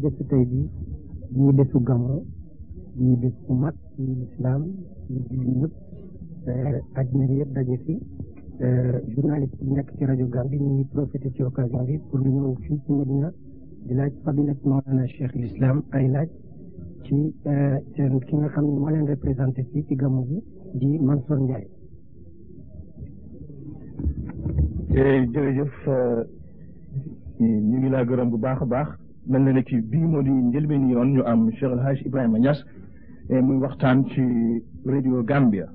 bésu tey bi bii bésu gamro bii bés mag bii eh, bi eh, nekk ci rajo Gambie ñu ci occasion bi pour ñu ñëw di laaj fadilat Mawlana ay laaj ci eh, seen ki nga xam ne moo leen représenté fii ci gàmmu bi di Mansour Ndiaye jërëjëf ñu ngi laa gërëm bu baax a baax mel na ne ki bii moo di njëlbeen yoon ñu am Cheikh El Hadj Ibrahima Niass eh, muy waxtaan ci radio Gambia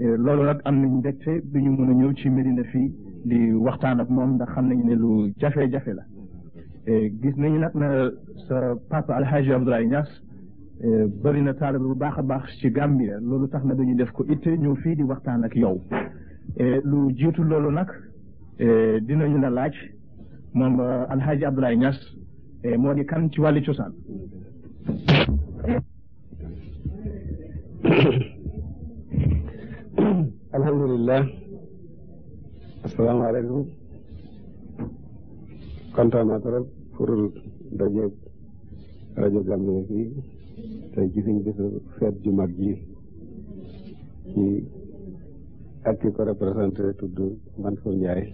eh, loolu nag am nañ mbégte bi ñu mën a ñëw ci Medina fii di waxtaan ak moom ndax xam nañu ne lu jafe-jafe la eh, gis nañu nag na sa papa El Hadj Abdoulaye bari na taalibe bu baax a baax ci Gambia loolu tax na dañu def ko itte ñëw fii di waxtaan ak yow lu jiitu loolu nag dinañu la laaj moom Alhaji Abdoulaye Niass Eh, moo di kan ci wàllu cosaan. alhamdulilah. asalaamaaleykum. kontaan naa trop pour dajeeg rajo Gambie fii tey ci suñu bisu mag ji ci ak ki ko représenté tudd Mansour Ndiaye.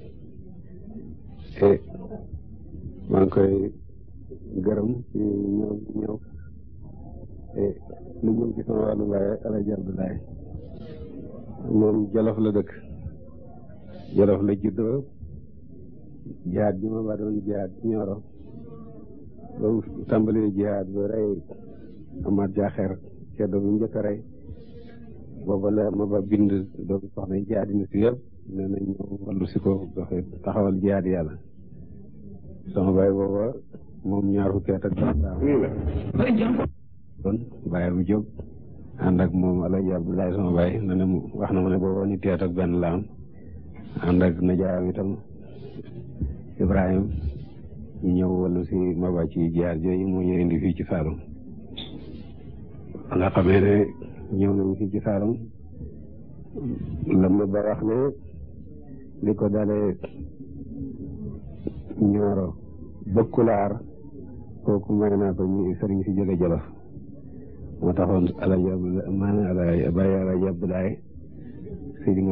Eh, maa ngi koy gërëm ci ñëw ñëw e, lu ñëw ci sama wàllu laay alaji abdoulaye moom jolof la dëkk jolof la juddoo jihaad bi ma ba doon jihaad ñooro ba tàmbalee jihaad ba rey amaat jaaxeer ceddo bi njëkk a rey booba la ma ba bind doomu soxna yi yi na si yëpp nee nañ ñëw wallu si ko doxe taxawal jihaad yàlla sama baay booba moom ñaar fukki at ak juróom ah, kon bàyyam jóg ànd moom alaji abdoulaye sama baay na ne wax na ma ne booba ni teet benn laam ànd ak najaayam itam ibrahim ñu ñëw si maba ci jaar jooyu moo indi fii ci Saalum nga xamee ne ñëw nañu fii ci Saalum lamba ba wax ne li ko dalee ñooro bëkkulaar kooku may naa ko ñu sëriñ si jóge jolof moo taxoon alaaji maanaam alaaji bàyyi alaaji Abdoulaye Sidi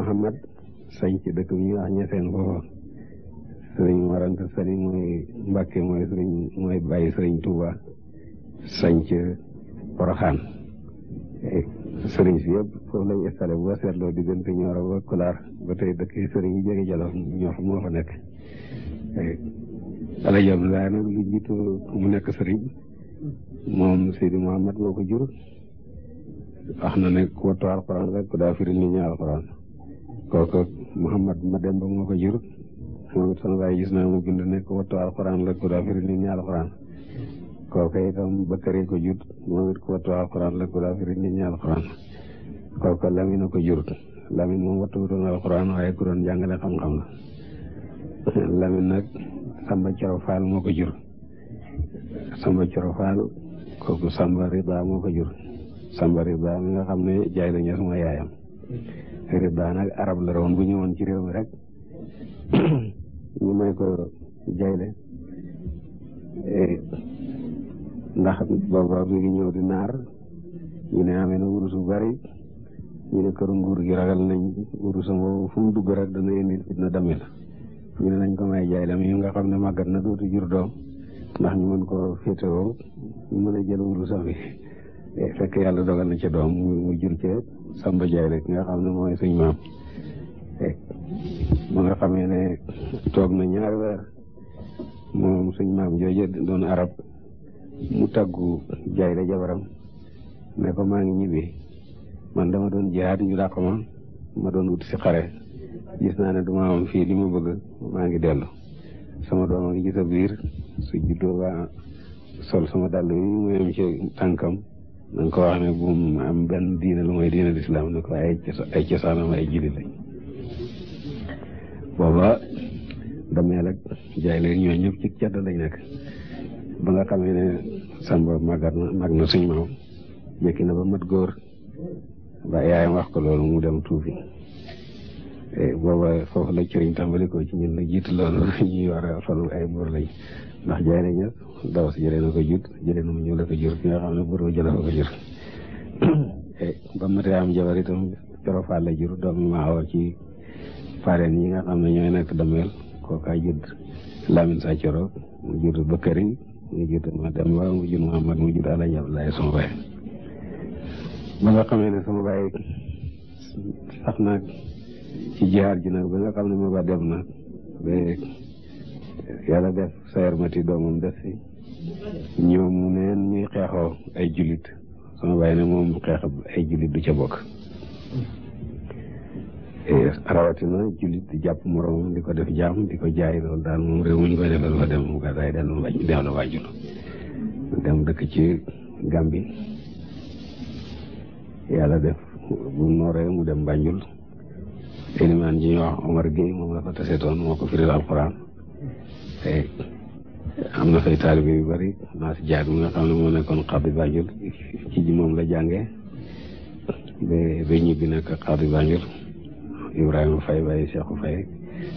ci dëkk bi ñuy wax ñeseen foofa sëriñ warante sëriñ mooy Mbàkke mooy sëriñ mooy bàyyi sëriñ Touba sañ ci Poroxaan sëriñ si yëpp foofu lañ installé boo seetloo diggante ba Kulaar ba tey dëkk yi sëriñ yi jóge jolof ñoo moo nekk alaji abdoulaye nag lu jiitu mu nekk sëriñ moom Seydi Mouhamed moo ko jur wax na ne ku wattu alxuraan rek ku daa firi nit ñi alxuraan ma ko jur moom gis naa mu bind ne ku wattu itam Bakari ko jur moom it ku wattu alxuraan rek ku daa firi nit ñi alxuraan kooku ko jur Lamine moom wattu doon alxuraan waaye ku doon xam-xam la Lamine nag Samba Coro Fall moo ko jur Samba Coro Fall kooku Samba Rida moo ko jur Samba Rida mi nga xam ne jaay la ñes mooy yaayam Rida nag arab la woon bu ñëwoon ci réew rek ñu may ko jayle e, ndax booba mi ngi ñëw di naar ñu ne amee na wurus bu ñu ne këru nguur gi ragal nañ wurusam woowu fu mu dugg rek dana indi fitna dame ñu ne nañ ko may jaaylem yi nga xam ne màggat na dootu jur doom ndax ñu mën ko féetewoo ñu mën a jël wurusam yi eh, fekk yàlla dogal na ca doom mu jur ca Samba Jaay ki nga xam ne mooy suñ maam mu eh, nga xamee ne toog na ñaari weer moom suñ maam jooje doon arab mu taggu jaay la jabaram ne ko maa ngi man dama doon jihaat ñu dàq ma ma doon wut si xare gis naa ne du ma am fii li ma bëgg maa ngi dellu sama doom a ngi ci sa biir su juddoo ba sol sama dàll yi muy am ci tànkam na ko wax ne bu mu am benn diine lu mooy diine lislaam ne ko ay ay cosaanam ay jullit lañ booba dameel ak jaay la ñoo ñëpp ci cadda lañ nekk ba nga xamee ne samba màggat na màgg na suñ maam jekki na ba mat góor ba yaayam wax ko loolu mu dem tuufi Eh, booba foofu la cëriñ tàmbali ko ci ñun la jiitu loolu ñuy war a fal ay buur lañ ndax jaay na ñas daw si jëlee na ko jut jëlee na mu ñëw la ko jur ki xam ne buur ba jëlee ko jur eh, ba matee am jabar itam corofaal la jur doomu maa awa ci fareen yi nga xam ne ñooy nekk dameel kookaa judd Lamine sa coro mu judd Bakari mu judd Mademba mu judd mu judd Alaji Abdoulaye sama baay ba nga xamee ne sama baay sax nag ci jihaar ji nag ba nga xam ne ma ba dem na ba yàlla def sayarmati doomam def fi ñoom neen ñuy xeexoo ay jullit sama bàyyi ne moom xeex ay jullit du ca bokk eh, rawatina jullit di jàpp moroomam di ko def jaam di ko jaay loolu daal moom réew muñ koy defal fa dem gàddaay dellu wàcc dellu wàjjul dem dëkk ci Gàmbi yàlla def bu nooree mu dem Banjul Sélimaan ji ñuy wax Omar Gueye moom la ko tasetoon moo ko firil alquran te am na fay taalibe yu bari naa si jaag nekkoon xabi Banjul moom la jàngee ba ba ñibbi nag xabi Banjul Ibrahima Faye waaye Cheikhou Faye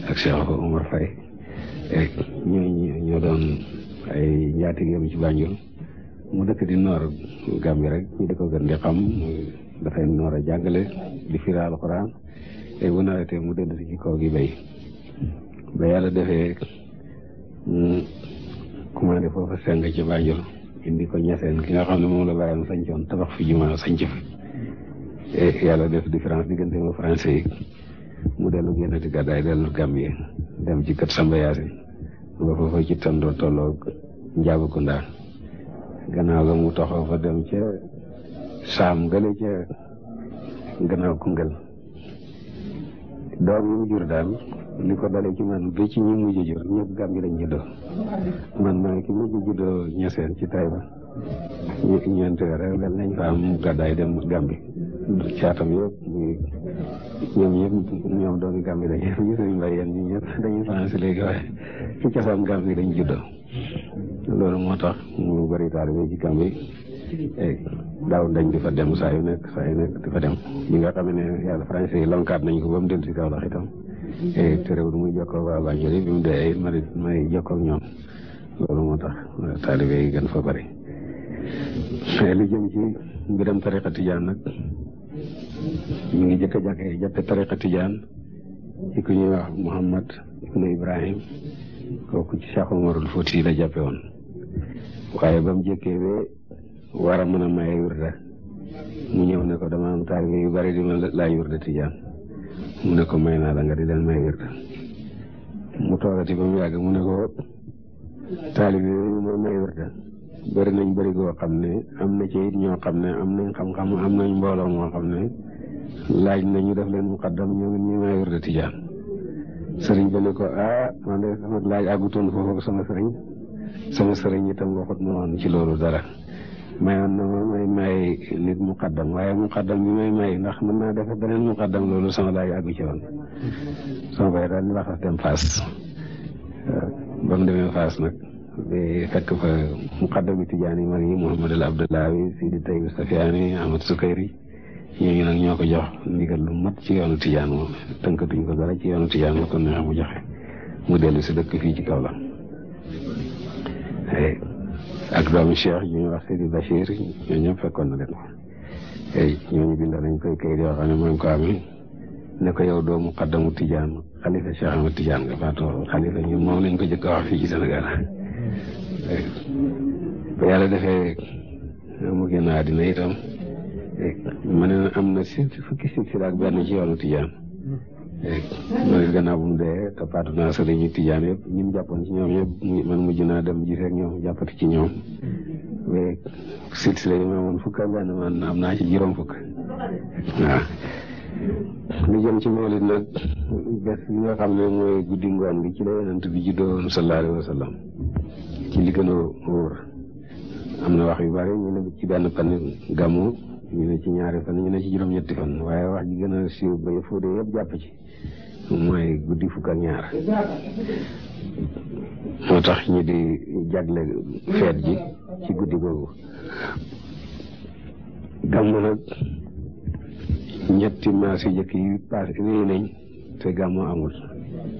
ak Cheikhou Omar Faye ñooñu ñoo doon ay njaatigéem ci Banjul mu dëkk di noor Gàmbi rek ñu di ko gën di xam dafay noor a jàngale di firi alquran te mu dëdd si ci ba yàlla defee mu commandé foofa seng ci Banjul indi ko ñaseen ki nga xam ne moom la bàyyam sañcoon tabax fi jumaa sañc fi te yàlla def différence diggante ma français yi mu dellu génnati gàddaay dellu Gambie dem ci kër Samba Yaasin nga foofa ci tandoo tolloog Njaabakunda gannaaw ga mu toxoo fa dem ca saam gële ca gannaaw Koungheul doom yi mu jur daal li ko dalee ci man ba ci ñi mujj jur ñëpp Gàmbi lañ juddoo man maay ki mujj juddoo ñeseen ci Taïba ñu ñeenti rek mel nañ fa am dem Gàmbi caatam yëpp muy ñoom ñëpp ñoom doomi Gàmbi lañ ñu sëriñ Mbay yéen ñi ñëpp dañuy français lañ juddoo loolu moo tax mu bëri taalibe ci Gàmbi Eh, daaw dañ di fa dem saa yi nekk saa yu nekk di fa dem mi nga xam ne yàlla français yi lonkaat nañ ko ba mu dem si Kaolack itam eh, te réew muy jokkoo waa Banjul yi bi mu dee ma may jokkoo ak ñoom loolu moo tax eh, taalibe yi gën fa bari li jëm ci mbiram tariqa tijaan nag ñu ngi jëkk a jàkkee jàppe tariqa tijaan ci ku ñuy Muhammad ibnu Ibrahim kooku ci Cheikh Omarul Fouti la jàppe woon waaye ba mu jëkkee war a mën a maye wirda mu ñëw ne ko dama am taalibe yu bari di ma laaj wirda tijaan mu ne ko may naa la nga di leen may wirda mu toogati ba mu yàgg mu ne ko taalibe yooyu ma may wirda bari nañ bari goo xam ne am na ci it ñoo xam ne am nañ xam-xam am nañ mbooloo moo xam ne laaj nañu def leen mu muqaddam ñoom ñu may wirda tijaan sëriñ ba ne ko ah man de sama laaj a àggutoon foofu sama sëriñ sama sëriñ itam waxut ma woon ci loolu dara mayoon ma may may nit muqaddam waaye muqaddam bi may may ndax mën naa defe beneen muqaddam loolu sama laaj àggu ci woon sama bay daal la xas dem faas ba mu demee faas nag bi fekk fa muqaddam yi tijaan yi mag yi Muhammadul Abdullahi Sidi Tayyib Safiyaani Ahmad Sukayri ñooñu nag ñoo ko jox ndigal lu mat ci yoonu tijaan moom tënkatuñ ko dara ci yoonu tijaan la ko na mu joxe mu dellu si dëkk fii ci kaw la ak doomu Cheikh ñu ñuy wax Sidi Bachir ñoo ñëpp fekkoon na leen ay ñooñu bindal nañ koy kayit yoo xam ne mooy ko amee ne ko yow doomu xaddamu Tijaan xalifa Cheikh Ahmad Tijaan moom lañ ko jëkk a wax fii ci Sénégal ba yàlla defee mu génn àddina itam ma ne am na si fukki si si ak benn ci yoonu Tijaan mooy gannaaw bu mu dee te naa sëriñu tijaan yëpp ñi jàppoon ci ñoom yëpp man mujj naa dem ji fekk ñoom jàppati ci ñoom mais silsile yi ma amoon fukk am naa ci juróom fukk waaw lu jëm ci mawlid nag bés nga xam ne mooy guddi ngoon gi ci la yonent bi juddoo sallallahu wa sallam ci li gën a am na wax yu bari ñu ne ci benn pan gàmmu ñu ne ci ñaari fan ñu ne ci juróom-ñetti fan waaye wax ji gën a siiw ba fóodee yëpp jàpp ci mooy guddi fukk ak ñaar moo tax ñi di jagle feet ji ci guddi googu gàmm nag ñetti maas yu jëkk yi paas wéy nañ te gàmmoo amul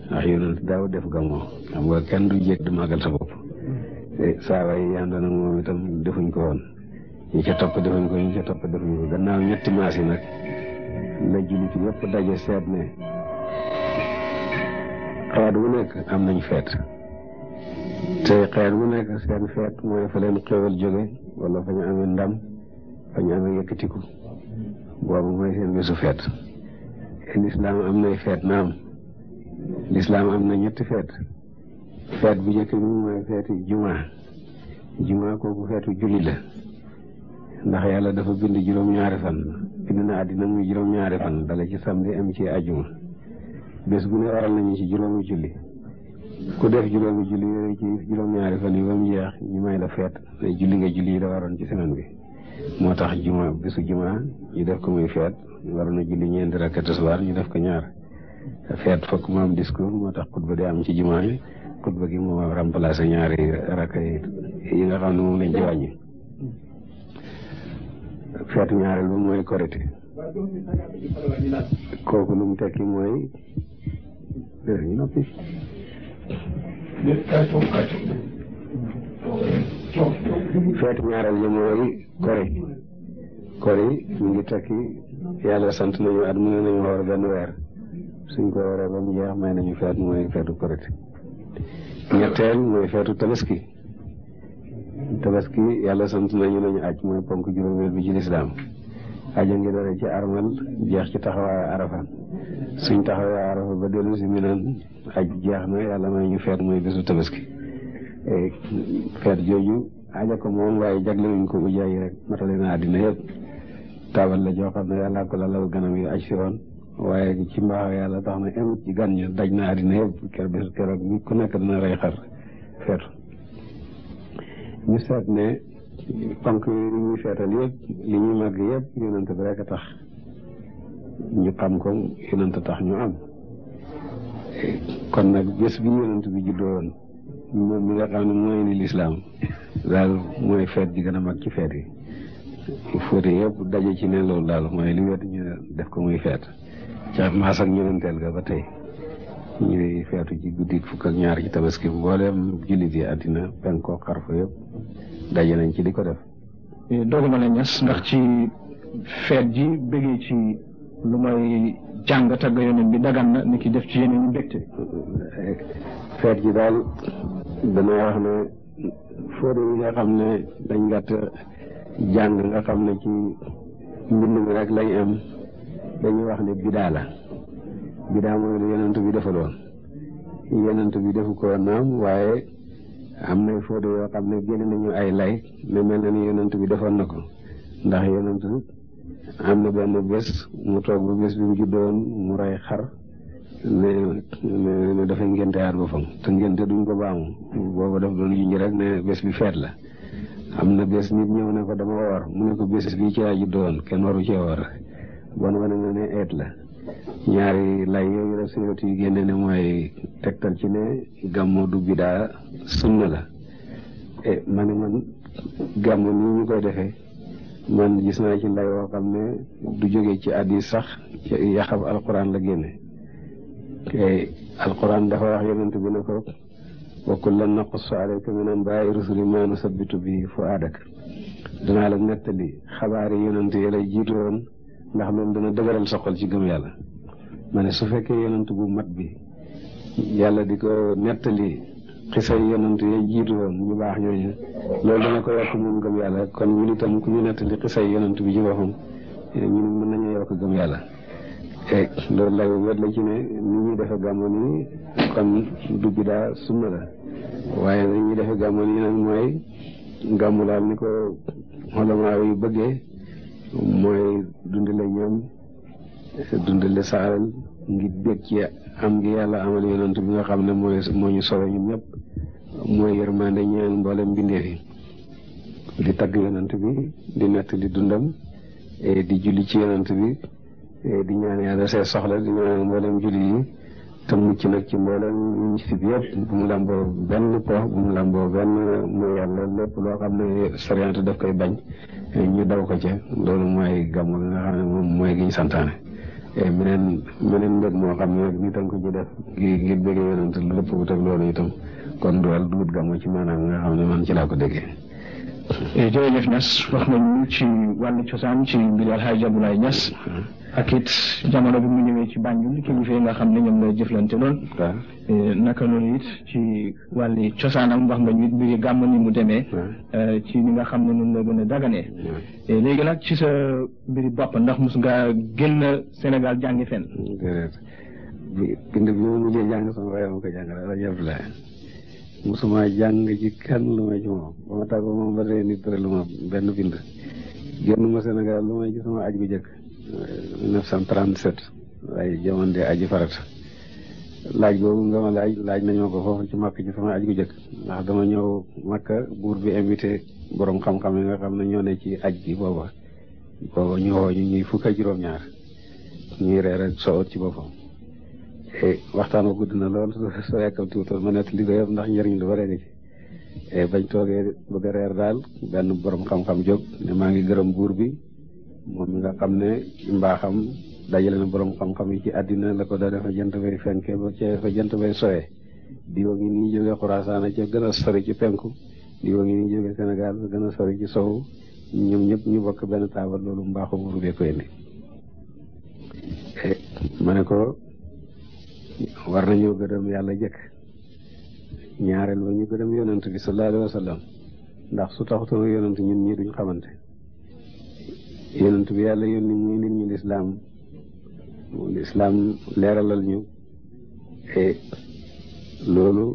ndax yonent daaw def gàmmoo xam kenn du jëkk di màggal sa saa waay yi àndoon ak moom itam defuñ ko woon ñi ca topp defuñ ko ñi ca topp defuñ ko gannaaw ñetti maas yi nag la jullit yëpp daje seet ne xeet wu nekk am nañu feet te xeet wu nekk seen feet mooy fa leen xéewal jóge wala fa ñu amee ndam fa ñu amee yëkkatiku boobu mooy seen bésu feet lislaam am nay feet naam lislaam am na ñetti feet feet bu njëkk bi mooy feeti jumaa jumaa kooku feetu julli la ndax yàlla dafa bind juróom-ñaari fan bind na àddina muy juróom-ñaari fan dala ci samedi am ci ajuma bés bu ne waral nañu ci juróomi julli ku def juróomi julli yooyu ci juróom-ñaari fan yu ba mu jeex ñu may la feet ne julli nga julli yi la waroon ci semaine bi moo tax juma bésu juma ñu def ko muy feet waroon a julli ñeenti rakka tisbaar ñu def ko ñaar feet fokk mu am discours moo tax xutba di am ci juma yi xutba gi moo remplacé ñaari rakka yi nga moom lañ ci wàññi feetu ñaareel ba mooy korite kooku lu mu tekki mooy def ñu noppi bi mooy kori kori mu ngi tekki yàlla sant nañu at mu ne nañu xoor benn weer suñ ko waree ba mu jeex may nañu feet mooy feetu korite ñetteel mooy feetu tabaski tabaski yàlla sant nañu nañu aj mooy ponk juróomeel bi ci lislaam aja ngi dara ci armal jeex ci taxawaayu arafa suñ taxawaayu arafa ba dellu si aj jeex na yàlla may ñu feet mooy bésu tabaski e, feet jooju aja ko moom waaye jagleluñ ko ujaay yi rek matale na àddina yëpp la joo xam ne yàlla ko la law ganam yu aj tax na emut ci gan ña daj na keroog bi ku nekk dina rey xar feetu ñu seet ne ponk yi li ñuy feetal yëpp li ñuy màgg yëpp yonent bi rek a tax ñu xam ko yonent tax ñu am kon nag bés bi yonent bi juddoon moom mi nga xam ne mooy ni lislaam daal mooy feet bi gën a mag ci feet yi fóote yëpp daje ci ne loolu daal mooy li wet ñu def ko muy feet ca maas ak ñenenteel ga ba tey ñuy feetu ci guddi fukk ak ñaar ci tabaski mbooleem jullit yi àddina penko xarfa yëpp daje nañ ci di ko def. Eh, doogu ma la ñes ndax ci feet ji bëggee ci lu may jàng tagg yonent bi dagan na ni ki def ci yeneen ñu mbégte. feet ji daal danay wax ne fóode yi nga xam ne dañ gàtt jàng nga xam ne ci mbind mi rek lañ am dañuy wax ne bidaa la. bidaa mooy lu yonent bi defaloon yonent bi defu ko naam waaye am nay fóodo yoo xam ne génne nañu ay lay ne mel na ni yonent bi defoon na ko ndax yonent am na benn bés mu toog bu bés bi mu juddoon mu rey xar ne ne dafay ngénte aar boppam te ngénte duñ ko baamu booba daf doon junj rek ne bés bi feet la am na bés nit ñëw na ko dama woor mu ne ko bés bi ci laa juddoon kenn waru cee woor bon wane na ne eet la ñaari lay yooyu la suñu yi génne ne mooy tegtal ci ne gàmmo du bidaa sunna la e ma ne man gàmmo ñu koy defee man gis naa ci lay woo xam ne du jóge ci àddi sax yaxab alquran la génne e alquran dafa wax yonent bi ne ko wa kullan naqussu alayka min anbaa'i rusuli maa nusabbitu bihi fu'aadak danaa la nettali xabaar yonent yi lay jiitu woon ndax loolu dana dëgëral sa xol ci gëm yàlla ma su fekkee yonent bu mat bi yàlla di ko nettali xisay yonent yee jiitu woon ñu baax ñooñu loolu dana ko yokk moom kon ñun itam ku ñu nettali xisay bi ci boppam eh, ñun mën nañu yokk gëm yàlla e loolu lay wet la ci ne ni ñuy defe gàmmoon yi kon du bidaa sunna la waaye ni ñuy defe gàmmoon yi nag mooy gàmmu daal ni ko xolamaa yu bëggee mooy dundale ñoom dundale sa alal ngir bég ci am ngi yàlla amal yonent bi nga xam ne mooy moo ñu solo ñun ñëpp mooy yërmande ñeel mboolem mbindeef yi di tagg yonent bi di nett di dundam eh, di julli ci yonent bi eh, di ñaan yàlla see soxla di ñaan mboolem julli yi te mucc nag ci mboolem ñu fi bu mu làmboo benn poox bu mu làmboo benn mooy yàlla lépp loo xam ne soriante daf koy bañ ñu daw ko ca loolu mooy gàmm gi nga xam ne moom mooy gi ñu santaane. E meneen meneen mbir moo xam ne nag ñu tënk ko ci def ngir ngir bëgg yonent lépp wut ak loolu itam kon du wàll dugut gàmm ci maanaam nga xam ne man ci laa ko déggee. Eh, jërëjëf Niass wax nañu ci wàllu cosaan ci mbiri Alxaaji Abdoulaye Niass ak it jamono bi mu ñëwee ci Banjul kilifa yi nga xam ne ñoom lay jëflante lool eh, naka noonu it ci wàll cosaanam wax nga ñu it mbiri gàmm ni mu demee eh, ci ni nga xam ne noonu la gën a daganee léegi nag ci sa mbiri bopp ndax mos nga génn senegal jàngi fenn jàng sama waaye ma ko jàngal musuma jàng ji kenn lu may ci moom ba ma tàggoo moom ba tey nit tëralu ma benn bind génn ma Sénégal lu may ci sama aj bu jëkk 1937 waaye jamono de aji farata laaj boobu nga ma laaj laaj nañ ma ko foofu ci Makka ci sama aj bu jëkk ndax dama ñëw makk buur bi invité boroom xam-xam nga xam na ñoo ne ci aj bi booba booba ñu woo ñu ñuy fukk ak juróom-ñaar ñuy reer ak sowot ci boppam Eh, waxtaan wa gudd na lool soo yàkkamti wutoon ma nett li ko ndax njariñ lu bare nga ci eh, bañ toogee bëgg reer daal benn boroom xam-xam jóg ne maa ngi gërëm buur bi moom mi nga xam ne mbaaxam dajale na borom xam-xam yi ci àddina la ko doone fa jant bay fenke ba ca fa jant bay sowe diwa ngi nii jóge xuraasaana ca gën a sori ci penku diwa ngi nii jóge Sénégal fa gën a sori ci sowu ñoom ñëpp ñu bokk benn taabal loolu mbaaxu buur bee koy indi eh, ma ko war na nañoo gërëm yàlla jëkk ñaareel ba ñu gërëm yonent bi sallallahu alayhi wa sallam ndax su taxutoon yonent ñun ñii duñ xamante yonent bi yàlla yónni muy nit ñu lislaam lislaam leeralal ñu loolu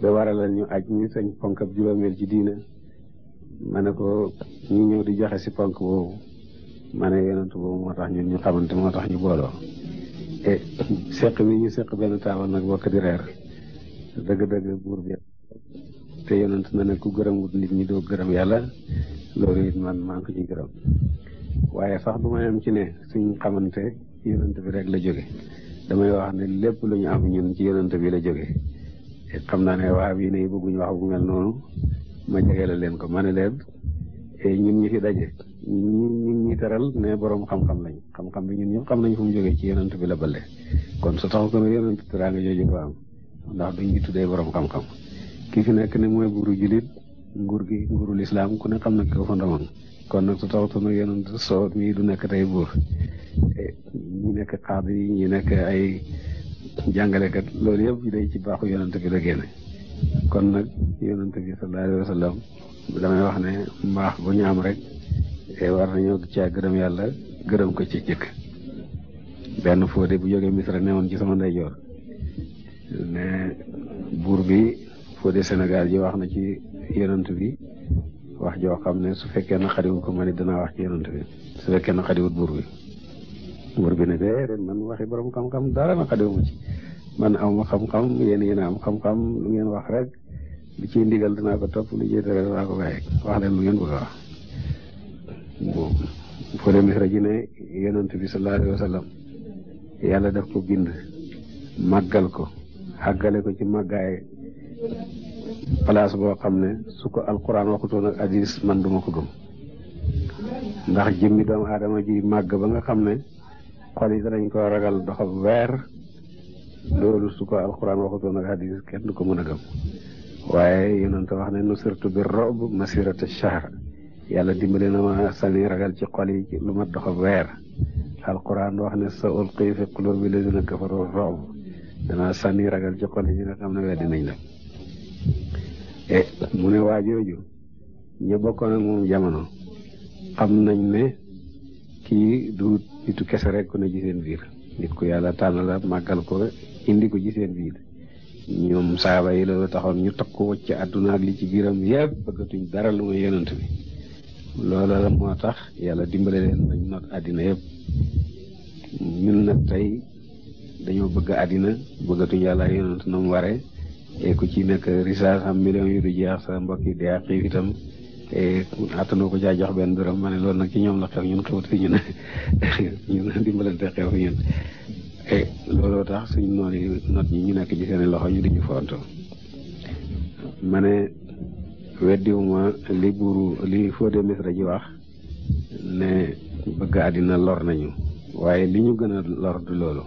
ba waralal ñu aj ñu sañ ponk ab juróomeel ci diina ma ne ko ñu ñëw di joxe si ponk boobu ma ne yonent boobu moo tax ñun ñu xamante moo tax ñu booloo Eh, seq mi ñu seq benn taabal nag bokk di reer dëgg-dëgg buur bi te yonent na ne ku gërëm gërëmut nit ñi doo gërëm yàlla loolu it man maa ngi ko ci gërëm waaye sax du ma ci ne suñ xamante ci yonent bi rek la jóge damay wax ne lépp lu ñu am ñun ci yonent bi la jóge e xam naa ne waa bii ne bëgguñu wax bu mel noonu ma jege la leen ko ma ne leen e ñun ñi fi daje ñun ñun ñi ne boroom xam-xam lañ xam-xam bi ñun ñëpp xam nañ fu mu jógee ci yonent bi la bële kon su tax ko ne yonent teraanga jooju ko am ndax duñ boroom xam-xam fi nekk ne mooy buuru julit nguur gi nguurul islaam ku ne xam na ko fa ndamoon kon nag su taxutoon nag yonent soo mii du nekk tey buur e, ñi nekk xaadi yi ñi nekk ay jàngalekat loolu yëpp day ci baaxu yonent bi la génne kon nag yonent bi sallallahu alayhi damay wax ne mbaax bu ñu am rek war nañoo caa gërëm yàlla gërëm ko ci jëkk benn Fodé bu jógee Misra ne woon ci sama ndeyjoor ne buur bi Fodé Sénégal ji wax na ci yonant bi wax joo xam ne su fekkee na xariwut ko ma ne danaa wax ci yonant bi su fekkee buur bi buur bi ne de man waxi borom xam-xam dara na xariwuma ci man awma xam-xam yéen yéen am xam-xam lu ngeen wax rek lu ci ndigal danaa ko topp lu ciy tere danaa ko bàyyi wax leen lu ngeen bëgg a wax bon fële misra ji ne yonent bi sallallahu alayhi yàlla def ko bind màggal ko xàggale ko ci màggaay place boo xam ne su ko alquran waxutoon ak hadis man duma ko gëm ndax jëmmi doomu aadama ji màgg ba nga xam ne xol yi danañ ko ragal doxab weer loolu su ko alquran waxutoon ak hadis kenn du ko mën a gëm waaye yonent wax ne nusirtu bi rob masirata shahr yàlla dimbali na ma sani ragal ci xol yi lu mat dox ab weer alquran wax ne sa ulqi fi qulubi lazina kafaru ru'b dana sani ragal ci xol yi ñi nga xam ne weddi nañ la e mu ne waa jooju ñu bokkoon ak moom jamono xam nañ ne kii du nitu kese rek na ne ci seen biir nit yàlla tànn la màggal ko indi ko ci seen biir ñoom saaba yi loolu taxoon ñu takku wacc àdduna ak li ci biiram yëpp bëggatuñ dara lu may yonent bi loola la moo tax yàlla dimbale leen bañ noot àddina yëpp ñun nag tey dañoo bëgg àddina bëggatuñ yàlla ak yonent na mu ware ku ci nekk risaas am million yu du jeex sa mbokk yi dee ak xiif itam te ko caa jox benn dërëm ma ne loolu nag ci ñoom la xew ñun xewut fi ñun ñun dimbalante xew fi ñun looloo tax suñ noonu not ñi ñu nekk ci seen loxo ñu di ñu fonto weddiwuma li buuru li de Misra ji wax ne bëgg àddina lor nañu waaye li ñu gën a lor du loolu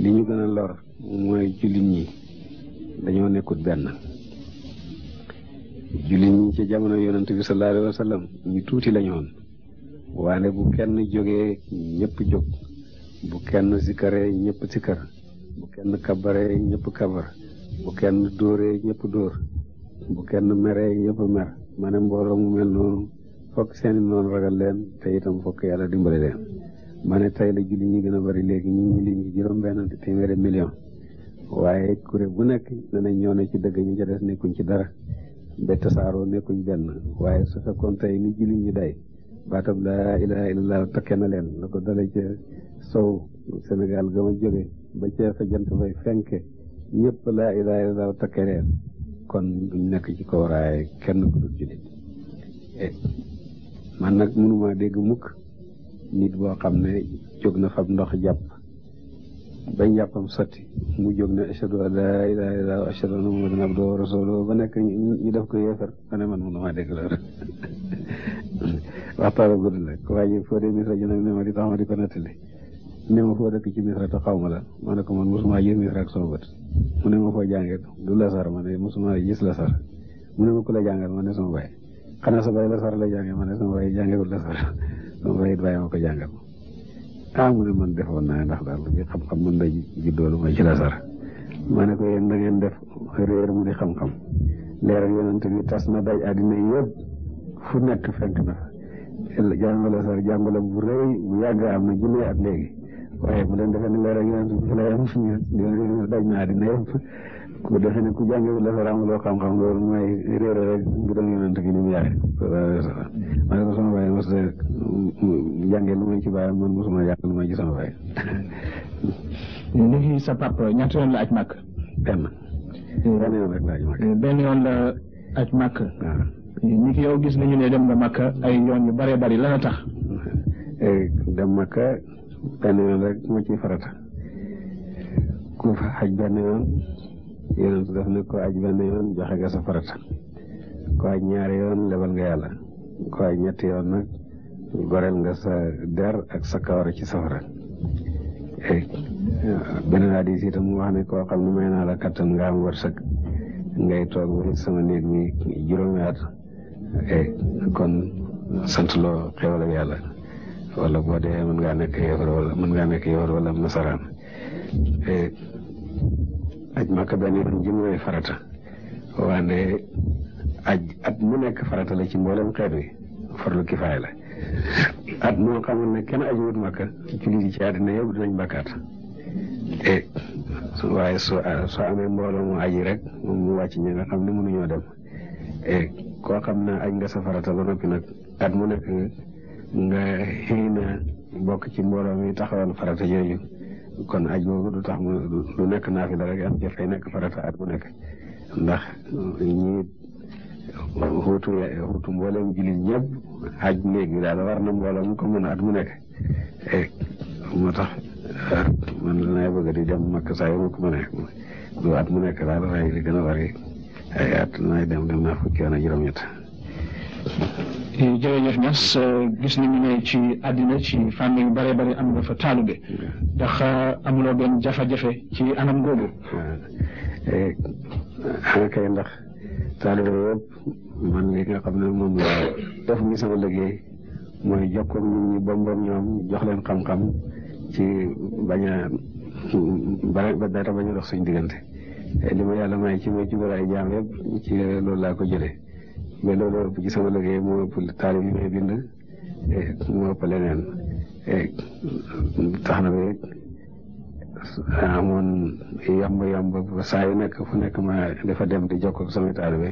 li ñu gën a lor mooy jullit ñi dañoo nekkut benn jullit ñi ci jamono yonent bi sallallahu alayhi wa sallam ñu tuuti lañu woon bu kenn jógee ñépp jóg bu kenn sikkaree ñëpp sikkar bu kenn kabare ñëpp kabar bu kenn dóoree ñëpp dóor bu kenn meree ñëpp mer ma ne mbooloo mu mel noonu fokk seen noonu ragal leen te itam fokk yàlla dimbali leen ma ne tey la julli ñi gën a bari léegi ñu ngi lim juróom-benn te téeméeri million waaye kuréel bu nekk ne nañ ñoo ne ci dëgg ñu ca des nekkuñ ci dara ba tasaaroo nekkuñ benn waaye su fekkoon tey ni julli ñi day baatab laa ilaha illallah takke na leen la ko dale ca sow senegal ga ma jóge ba ca fa jant fay fenke ñëpp laa ilaha illallah takke leen kon duñ nekk ci kaw kenn ku dul eh, man nag mënumaa dégg mukk nit boo xam ne jóg na fab ndox jàpp bañ jàppam sotti mu jóg na ashadu an laa ilaaha illallaah ashadu ba nekk ñu def ko yéefar ma ne man mënumaa dégg loolu waxtaan a gudd la ko foo dee message nag ne ma di tax ma di ko nettali ne ma foo dëkk ci misra te xaw ma la ma ne ko man mosuma gis misra ak sama bët mu ne ma foo jàngee du lasar ma ne mosuma gis lasar mu ne ma ku la jàngal ma ne sama baay xanaa sa lasar la jàngee ma ne sama baay jàngeewul lasar sama baay it baay ma ko jàngal ah, man defoon naa ndax daal li xam-xam mën na juddoo lu may ci lasar ma ne ko yéen da ngeen def réer mu di xam-xam leeral tas na daj àddina yëpp fu nekk fenk na jàngale sar jàngale bu rëy bu yàgg am na junne at léegi waaye bu leen defee ne leeral yonent bi fi la yem yonent bi daj na àddina yëpp ku defee ne ku jàngee la fa amuloo xam-xam loolu mooy réer rek bu doon yonent mu yaay man ko sama baay mos jàngee ci baay man may ci sama baay léegi sa papa ñaata yoon la aj màkk benn yoon la aj màkk benn ah. yoon la gis nañu ne dem nga màkk ay yoon yu bare bari lan a tax eh, dem màkk benn yoon rek moo ciy farata ku fa aj benn yoon yoon joxe nga sa ko aj ñaari yoon lebal nga yàlla ko aj ñetti yoon nag goreel nga sa der ak sa kawar ci safara eh, beneen hadiis itam mu wax ne koo xam ne may la kattan nga am wërsëg ngay toog sama néeg mi juróomi at eh, kon sant loo xewal ak yàlla wala boo dee mën ngaa nekk yéefar wala mën ngaa nekk yéefar wala am nasaraan eh, aj màkka benn yoon jëm roy farata wande aj at mu nekk farata la ci mboolem xeet wi farlu kifaay la at moo xamul ne kenn aj wut màkka jullit yi ci àddina yëpp dinañ bakkaat eh, waaye soo ah, soo amee mbooloo mu aji rek moom mu wàcc ñi nga xam ne mënuñoo dem eh, koo xam ne aj nga sa farata ba noppi nag at mu nekk nga xëy na bokk ci mbooloo mi taxawal farata yooyu kon aj googu du tax mu du nekk naa fi la rek am jafay nekk farata at bu nekk ndax ñi xuutu xuutu mboolem jullit ñëpp aj léegi daal war na mbooloo mu ko mën a at mu nekk eh, moo tax ah, man danay bëgg di dem makk saa yu ma ko du at mu daal waaye gën a bari ay at nay dem dem naa fukki yoon ak juróom-ñett jërëjëf Niass euh, gis nañu ne ci àddina ci fànn yu bëree bëri am na fa taalube ndax euh, amuloo benn jafe-jafe ci anam googu. xanaa eh, kay ndax taalube yëpp man li nga xam ne moom la def mi sama liggéey mooy jokkoo ak nit ñi bomboom ñoom jox leen xam-xam ci bañ a ba dara bañ a dox suñu diggante eh, li ma yàlla may ci may jubal ay jaam yëpp ci loolu laa ko jëlee. mais loolu ëpp ci sama liggéey moo ëpp taalib yi may bind eh, moo ëpp leneen eh, tax na ba amoon yamb yamb saa yu nekk fu nekk ma dafa dem di jokkoo sama taalibe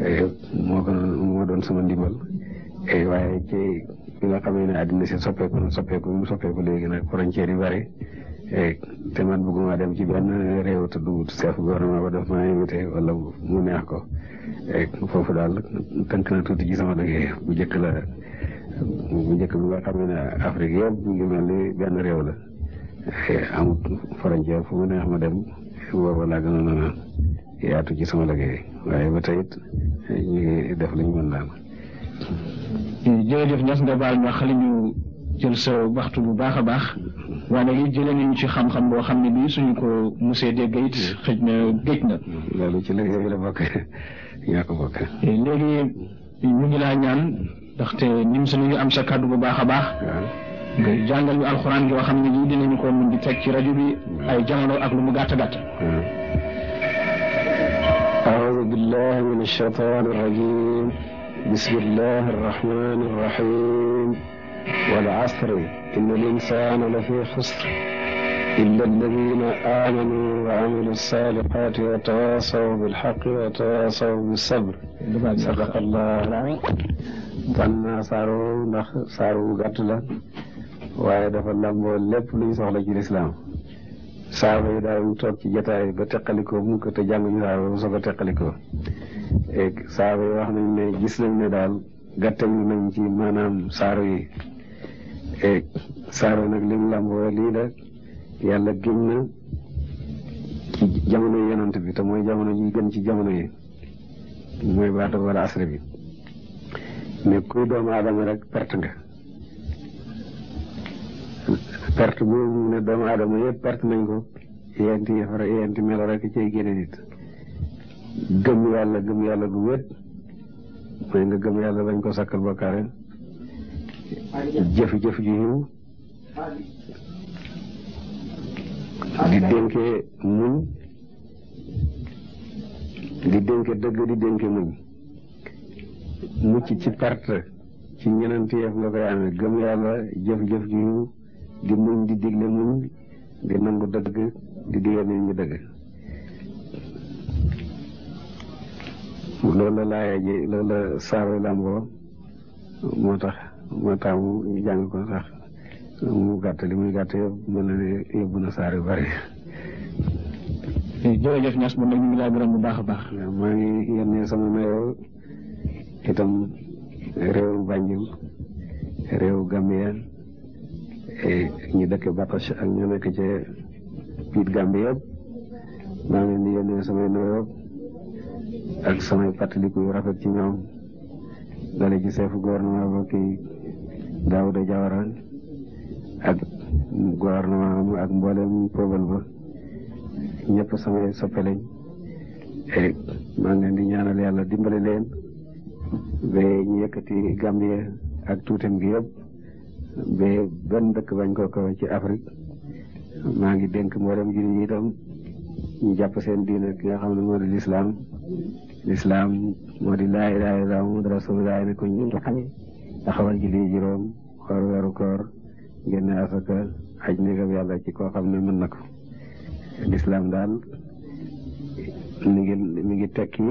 eh, moo ko moo doon sama ndimbal waaye ci bi nga xamee ne àddina si soppeeku na soppeeku mu soppeeku léegi nag frontière yi bari Eh, te man bëgguma dem ci benn réew te du chef gouvernement ba def ma invité wala mu neex ko eh, foofu daal tënk na tuuti ci sama liggéey bu njëkk la bu njëkk bi nga xam ne Afrique yëpp ngi mel ni benn réew la eh, amut frontière fu mu neex ma dem booba laa gënoon a yaatu ci sama liggéey waaye ba tey def li ñu mën daal. jërëjëf ñas nga baal ma xali ñu jël sa waxtu bu baax a baax. waaye it jëlee nañu ci xam-xam boo xam ne bii suñu ko musee dégg it mm-hmm. xëj na géej na. loolu ci liggéey bi la bokk ñoo ko bokk. léegi ñu ngi laa ñaan ndaxte nim sa ñu am sa kàddu bu baax a baax. nga jàngal ñu alxuraan yoo xam ne lii dinañu ko mën di teg ci rajo bi. Mm-hmm. ay jamono ak lu mu gàtt gàtt. أعوذ بالله من والعصر إن الإنسان لفي خسر إلا الذين آمنوا وعملوا الصالحات وتواصوا بالحق وتواصوا بالصبر صدق الله kon saaru ndax saaru gàtt la waaye dafa lamboo lépp luñ soxla ci lislaam saaba yi daawuñ toog ci jataay ba teqalikoo mukk te jànguñu saaba ba soog a teqalikoo saaba yi wax nañ ne gis nañ ne daal gàttañ nañ ci maanaam saaru yi Eh, saaro nag lim lamboo lii la yàlla gim na ci jamono yonent bi te mooy jamono ji gën ci jamono yi mooy baata wala asra bi ne kuy doomu aadama rek perte nga perte boobu mu ne doomu aadama yëpp perte nañ ko yeenti yafara melo rek cay génne nit gëm yàlla gëm yàlla gu wét mooy nga gëm yàlla bañ ko sakkal bokkaare jëf-jëf ju yiw di dénkee muñ di dénke dëgg di dénke muñ mucc ci perte ci ñenanteef nga koy amee gëm yàlla jëf-jëf ju yiw di muñ di digle muñ di nangu dëgg di digal nit dëgg loolu la laaya ji loolu la moo tax ma taamu ñu jàng ko sax mu gàtt li muy gàtt yëpp mën na ne yóbbu na saar yu bari. jërëjëf Niass man nag ñu ngi laa gërëm bu baax a baax. maa ngi yónnee sama nuyoo itam réewu réewu Gambia ñu dëkk Batoche ak ñu nekk ci biir Gambie yëpp maa ngi leen di yónnee samay nuyoo ak samay fàttaliku yu rafet ci ñoom dale ci seefu gouvernement ba kii Daouda Diawara ak gouvernement am ak mboolem peuple ba ñépp samay soppe lañ maa ngi leen di ñaanal yàlla dimbale leen ba ñu yëkkati Gambie ak tuutam gi yëpp ba benn dëkk bañ ko kawe ci Afrique maa ngi dénk mboolem jullit yi itam jàpp seen diina ki nga xam ne moo di lislaam lislaam moo di laa ilaaha illallaah Muhammadu rasuulullaah ne ko ñu xamee taxawal julli juróom xool weeru koor génne asaka aj ndegam yàlla ci koo xam ne mën na daal mi ngi mi ngi tekki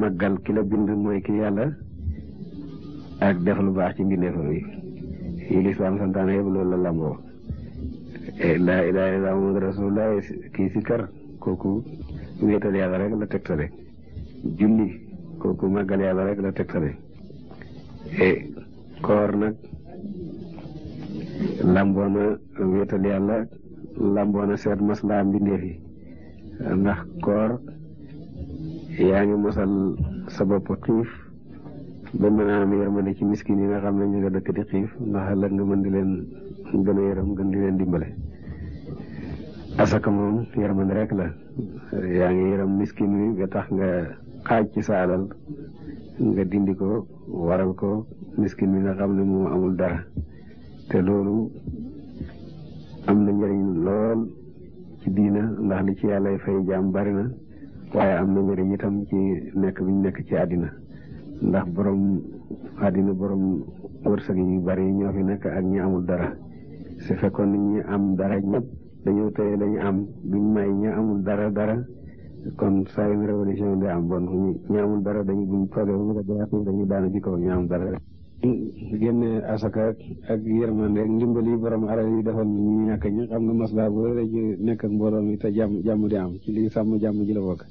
màggal ki bind mooy ki yàlla ak def lu baax ci mbindeefam yi yi lislaam santaane yëpp loolu la lamboo eh, laa ilaaha illallaah muhammadu rasuulullaah kii si kër kooku wéetal yàlla rek la tegtale julli kooku màggal yàlla rek la tegtale eh, koor nag lamboona wéetal yàlla lamboona seet maslaa mbindeef yi ndax koor yaa ngi mosal sa bopp xiif ba mën a am yërmande ci miskin yi nga xam ne ñu nga dëkk di xiif nga mën di leen gën a yërëm gën di leen dimbale asaka moom yërmande rek la yaa ngi yërëm miskin wi ba tax nga xaaj ci sa nga dindi ko waral ko miskin bi nga xam ne moom amul dara te doolu am na njëriñ lool ci diina ndax li ci yàlla fay jaam bari na waaye am na njëriñ itam ci nekk bi nekk ci àddina ndax borom àddina borom wërsëg yu bari ñoo fi nekk ak ñi amul dara su fekkoon ñi am dara ñëpp dañoo tey dañu am duñ may ñi amul dara dara kon saa yu révolution yi day am bon ñaamul dara dañuy buñ toogee bu ko joxee dañuy daanu ci kaw ñaamul dara rek. génne asaka ak yërmande ak ndimbal yi borom alal yi defal ñu ñàkk ñi xam nga maslaa bu rëy nekk ak mbooloo mi te jàmm jàmm di am ci li sàmm jàmm ji la bokk.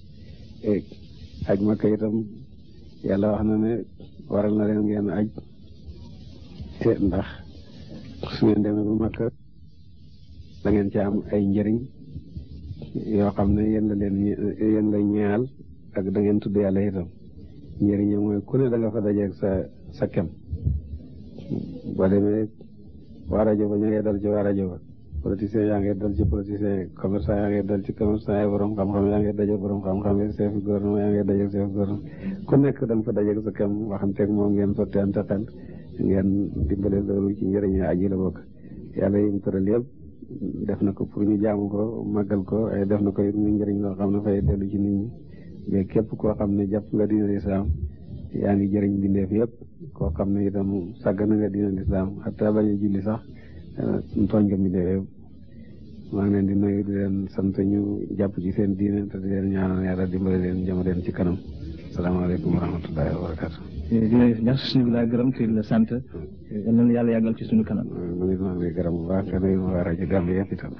Eh, aj Makka itam yàlla wax na ne waral na leen ngeen aj te eh, ndax su ngeen demee bu Makka da ngeen ci am ay njëriñ. yoo xam ne yéen la leen yéen la ñaal ak da ngeen tudd yàlla itam njëriñam mooy ku ne da nga fa dajeeg sa sa kem boo demee waa rajo ba ñu ngi dal ci waa rajo ba politicien yaa ngi dal ci politicien yi commerçant yaa ngi dal ci commerçant yi borom xam-xam yaa ngi daje borom xam-xam yi chef gouvernement yaa ngi daje chef gouvernement ku nekk da nga fa dajeeg sa kem waxanteeg moom ngeen sotti ante ngeen dimbale loolu ci njëriñ aji la bokk yàlla yim tëral yëpp def na ko pour ñu jaamu ko màggal ko ay eh, def na ko it muy njëriñ loo xam ne fay dellu ci nit ñi képp koo xam ne jàpp nga diina lislaam yaa ngi jëriñ bindeef yëpp koo xam ne itam sàggan nga diina lislaam xataa bañ a julli sax eh, tooñ nga bindeef yëpp maa ngi leen di nuyu di sant ñu jàpp ci seen diine te ñaar leen ñaanal yàlla dimbale leen jëma ci kanam salaamaaleykum wa rahmatullahi wa barakatu jërëjëf eh, Niass ñu ngi laa gërëm te la sant eh, yal na yàlla ci suñu kanam. Eh, maa ngi leen di gërëm bu baax rajo Gambie yëpp itam.